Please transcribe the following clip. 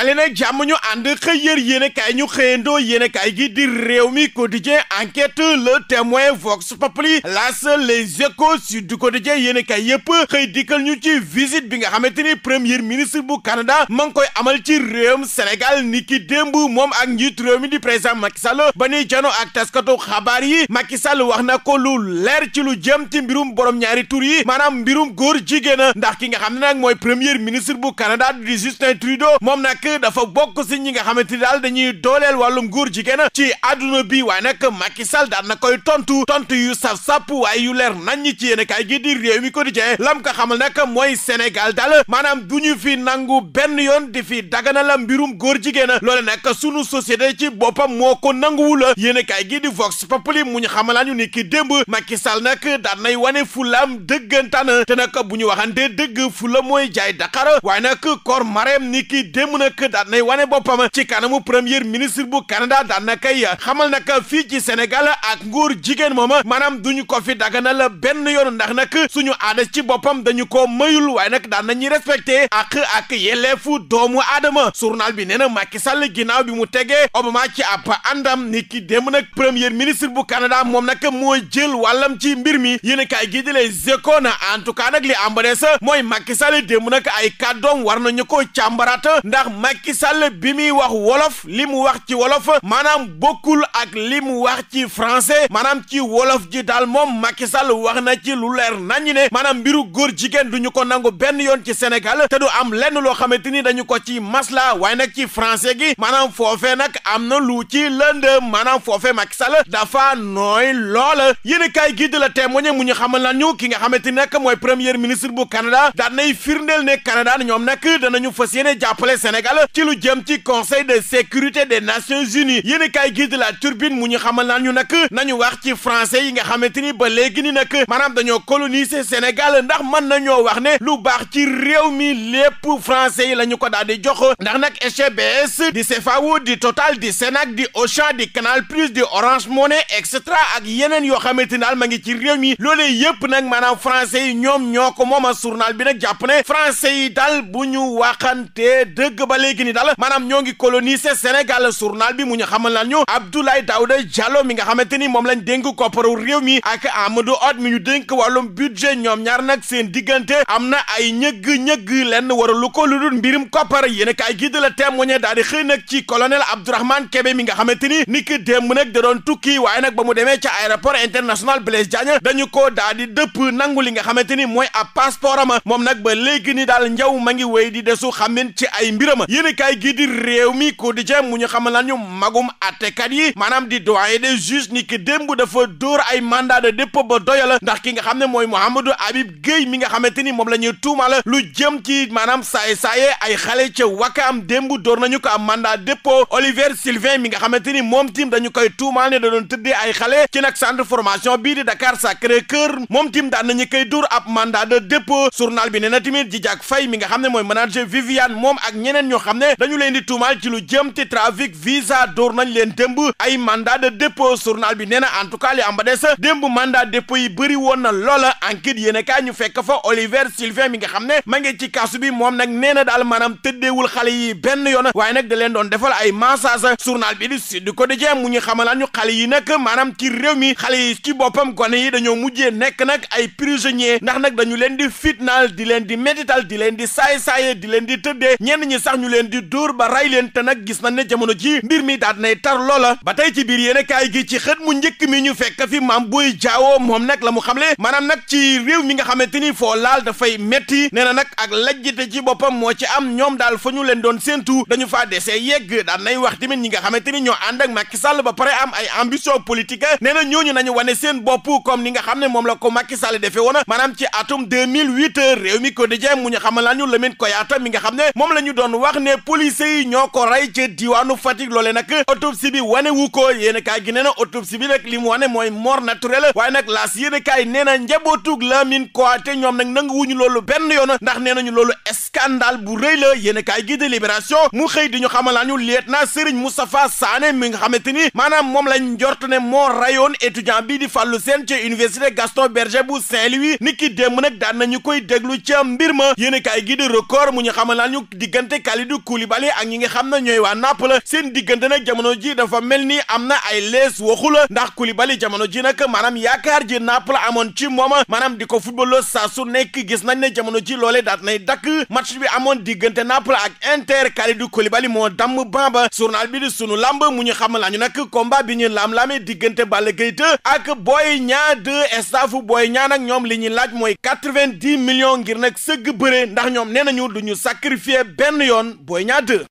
dali nag jàmm ñu ànd xëy yër yéenekaay ñu xëyandoo yéenekaay gi di réew mi quotidien enquête le témoin vox populi las les échos sud du quotidien yéenekaay yëpp xëy dikkal ñu ci visite bi nga xamante ni premier ministre bu Canada ma ngi koy amal ci réewum Sénégal ni ki démb moom ak njiit réew mi di président Macky Sall ba nuy jano ak taskatu xabaar yi Macky Sall wax na ko lu leer ci lu jëm ci mbirum borom ñaari tur yi maanaam mbirum góor jigéen ndax ki nga xam ne nag mooy premier ministre bu Canada di nag dafa bokk si ñi nga xamante ni daal dañuy dooleel wàllum góor jigéen ci àdduna bi waaye nag Macky Sall daan na koy tontu tontu yu saf sàpp waaye yu leer naññ ci yéen kaay gi di réew mi quotidien lam ko xamal nag mooy Sénégal dal maanaam du ñu fi nangu benn yoon di fi dagana la birum góor jigéen loole nag sunu société ci boppam moo ko nanguwul yéen kaay gi di Vox Populi mu ñu xamalaan ñu ni ki démb Macky Sall nag daan nay wane fulaam dëggantaan te nag bu ñu waxante dëgg fula mooy jaay Dakar waaye nag daat nay wane boppam ci kanamu premier ministre bu Canada daat na kay xamal nag fii ci Sénégal ak nguur jigéen mooma maanaam duñu ko fi daganal benn yoonu ndax nag suñu aada ci boppam dañu ko mayul waaye nag daan nañuy respecté ak ak yelleefu doomu aadama journal bi nee na Macky Sall ginnaaw bi mu tegee Obama ci ab àndam ni ki démb nag premier ministre bu Canada moom nag moo jël wàllam ci mbir mi yéen kaay gi di les Échos na en tout cas nag li ambade sa mooy Macky Sall démb nag ay kàddoom war nañu ko càmbaraat Macky Sall bi muy wax wolof li mu wax ci wolof maanaam bokkul ak li mu wax ci français maanaam ci wolof ji daal moom Macky Sall wax na ci lu leer ñi ne maanaam mbiru góor jigéen du ñu ko nangu benn yoon ci Sénégal te du am lenn loo xamante ni dañu ko ci masla waaye nag ci français gi maanaam foofee nag am na lu ci lënd maanaam foofee Macky Sall dafa nooy loola yéen a kaay gi de la témoigner mu ñu xamal lan ñu ki nga xamante ni nag mooy premier ministre bu Canada daan nay firndeel ne Canada ñoom nag danañu fas yéene jàppale Sénégal Sénégal ci lu jëm ci conseil de sécurité des nations unies yéen i kaay gii di la turbine mu ñu xamal naan ñu nag nañu wax ci français yi nga xamante ni ba léegi ni nag maanaam dañoo coloniser Sénégal ndax mën nañoo wax ne lu baax ci réew mi lépp français yi la ñu ko daal di jox ndax nag SGBS di CFAO di Total di Sénac di Auchan di Canal Plus di Orange Money et cetera ak yeneen yoo xamante ni daal ma ngi ci réew mi yëpp nag maanaam français yi ñoom ñoo ko moom a bi na jàpp ne français yi daal bu ñu waxante dëgg ba léegi ni daal maanaam ñoo ngi coloniser Sénégal journal bi mu ñu xamal lan ñu Abdoulaye Daouda Diallo mi nga xamante ni moom lañ dénk kopparu réew mi ak Amadou Hott mi ñu dénk wàllum budget ñoom ñaar nag seen diggante am na ay ñëgg-ñëgg lenn lu ko lu dul mbirum koppar yéen kaay gi de la témoigné daal di xëy nag ci colonel Abdourahmane Kébé mi nga xamante ni ni ki démb nag da doon tukki waaye nag ba mu demee ca aéroport international Blaise Diagne dañu ko daal di dëpp nangu li nga xamante ni mooy ab passeport am moom nag ba léegi ni daal njaw ma ngi wéy di desu xamin ci ay mbiram yéen a kaay gii di réew mi quotidien mu ñu xamal nañu magum àttekat yi maanaam di doyen des juges ni ki démb dafa dóor ay mandaa de dépôt ba doyal ndax ki nga xam ne mooy Mouhamadou Habib Gueye mi nga xamante ni moom la ñuy tuumal lu jëm ci maanaam saaye saaye ay xale ca Wakaam démb dóor nañu ko am mandat dépôt Olivier Sylvain mi nga xamante ni moom tim dañu koy tuumal ne da doon tëddee ay xale ci nag centre formation bii di Dakar sacré moom tim daan nañu koy dóor ab mandat de dépôt journal bi nee na tamit k Faye mi nga xam ne mooy manager Viviane moom ak ñeneen xam ne dañu leen di tuumaal ci lu jëm ci trafic visa dóor nañ leen démb ay mandat de dépôt journal bi nee na en tout cas li am ba des démb mandat yi bëri woon na loola enquête yéen kaay ñu fekk fo Oliver Sylvain mi nga xam ne ma ngi ci kasu bi moom nag nee na daal maanaam tëddeewul xale yi benn yoon waaye nag da leen doon defal ay massage journal bi di Sud Quotidien mu ñu xamalaan ñu xale yi nag maanaam ci réew mi xale yi ci boppam gone yi dañoo mujjee nekk nag ay prisonnier ndax nag dañu leen di fitnaal di leen di médital di leen di saay saaye di leen di tëddee ñenn ñi sax ñu leen di dóor ba ray leen te nag gis nañ ne jamono ji mbir mi daat nay tar loola ba tey ci biir yéen kaay gi ci xët mu njëkk mi ñu fekk fi maam booy jaawoo moom nag la mu xamle maanaam nag ci réew mi nga xamante ni foo laal dafay metti nee na nag ak lajjite ci boppam moo ci am ñoom daal fa ñu leen doon séentu dañu faa desee yegg daan nay wax tamit ñi nga xamante ni ñoo ànd ak Macky ba pare am ay ambition politique nee na ñooñu nañu wane seen bopp comme ni nga xam ne moom la ko Macky Sall defee woon maanaam ci atum 2008 réew mi quotidien mu ñu xamal ñu Lamine Koyata mi nga xam ne moom la ne police yi ñoo ko rey ca diwaanu Fatick loole nag autopsie bi wane wu ko yéen kaay gi nee na autopsie bi nag li mu wane mooy mort naturelle waaye nag laas yéen kaay nee na njabootug Lamine Koité ñoom nag nanguwuñu loolu benn yoon ndax nee nañu loolu scandale bu rëy la yéen kaay gi de Libération mu xëy di ñu xamalaan ñu lieutenant Serigne Moustapha Sané mi nga xamante ni maanaam moom lañ njort ne moo rayoon étudiant bi di Fallou Sène ci université Gaston Berger bu Saint-Louis ni ki nag daan nañu koy déglu ca mbir ma yéen kaay gi di record mu ñu ñu diggante du di Koulibaly ak ñi nga xam na ñooy waa Naples seen diggante nag jamono ji dafa mel ni am na ay lees waxula ndax Koulibaly jamono ji nag maanaam yaakaar ji Naples amoon ci mooma maanaam di ko football saa su nekk gis nañ ne jamono ji loolee daat nay dakk match bi amoon diggante Naples ak Inter Kalidou Koulibaly moo damm ba journal bi di sunu lamb mu ñu xam lañu nag combat bi ñu lam-lamee diggante Balla Gaye 2 ak booy ñaa 2 staff Boy Niang nag ñoom li ñuy laaj mooy quatre-vingt-dix ngir nag sëgg bëre ndax ñoom nee nañu du ñu sacrifier benn yoon Booy Ñaa